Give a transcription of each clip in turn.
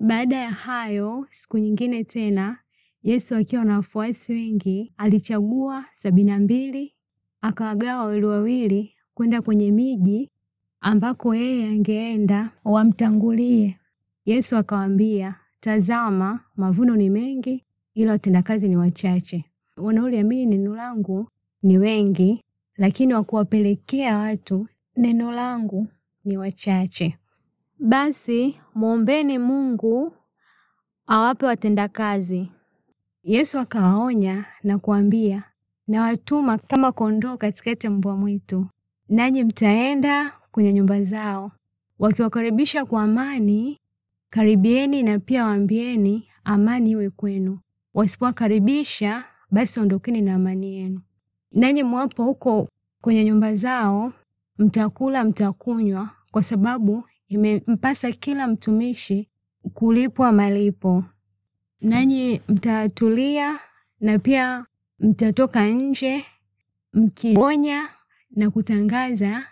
Baada ya hayo, siku nyingine tena Yesu akiwa na wafuasi wengi alichagua sabini na mbili akawagawa wawili wawili kwenda kwenye miji ambako yeye angeenda wamtangulie. Yesu akawaambia, tazama, mavuno ni mengi, ila watendakazi ni wachache. Wanaoliamini neno langu ni wengi, lakini wakuwapelekea watu neno langu ni wachache. Basi mwombeni Mungu awape watendakazi. Yesu akawaonya na kuambia, nawatuma kama kondoo katikati ya mbwa mwitu, nanyi mtaenda kwenye nyumba zao. Wakiwakaribisha kwa amani, karibieni na pia waambieni, amani iwe kwenu. Wasipowakaribisha, basi ondokeni na amani yenu. Nanyi mwapo huko kwenye nyumba zao, mtakula mtakunywa, kwa sababu imempasa kila mtumishi kulipwa malipo. Nanyi mtatulia na pia mtatoka nje mkionya na kutangaza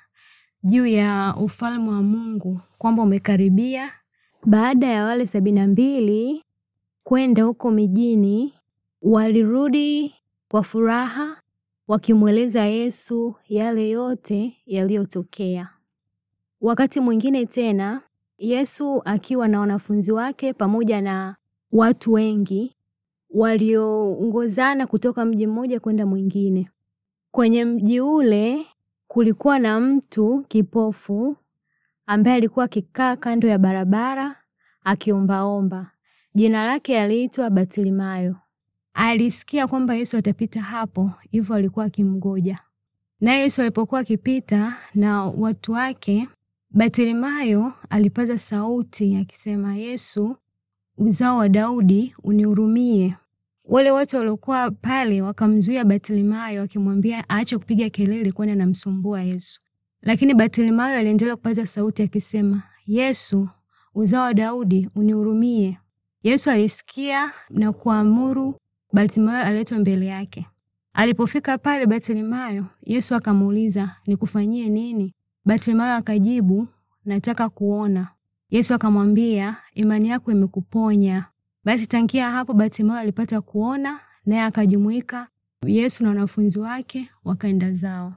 juu ya ufalme wa Mungu kwamba umekaribia. Baada ya wale sabini na mbili kwenda huko mijini, walirudi kwa furaha wakimweleza Yesu yale yote yaliyotokea. Wakati mwingine tena Yesu akiwa na wanafunzi wake pamoja na watu wengi walioongozana kutoka mji mmoja kwenda mwingine. Kwenye mji ule kulikuwa na mtu kipofu ambaye alikuwa akikaa kando ya barabara akiombaomba. Jina lake aliitwa batilimayo Alisikia kwamba Yesu atapita hapo, hivyo alikuwa akimgoja. Naye Yesu alipokuwa akipita na watu wake Bartimayo alipaza sauti akisema, Yesu uzao wa Daudi, unihurumie. Wale watu waliokuwa pale wakamzuia Bartimayo, wakimwambia aache kupiga kelele, kwani anamsumbua Yesu. Lakini Bartimayo aliendelea kupaza sauti akisema, Yesu uzao wa Daudi, unihurumie. Yesu alisikia na kuamuru Bartimayo aletwe mbele yake. Alipofika pale Bartimayo, Yesu akamuuliza, nikufanyie nini? Bartimayo akajibu, nataka kuona. Yesu akamwambia, imani yako imekuponya. Basi tangia hapo Bartimayo alipata kuona, naye akajumuika Yesu na wanafunzi wake wakaenda zao.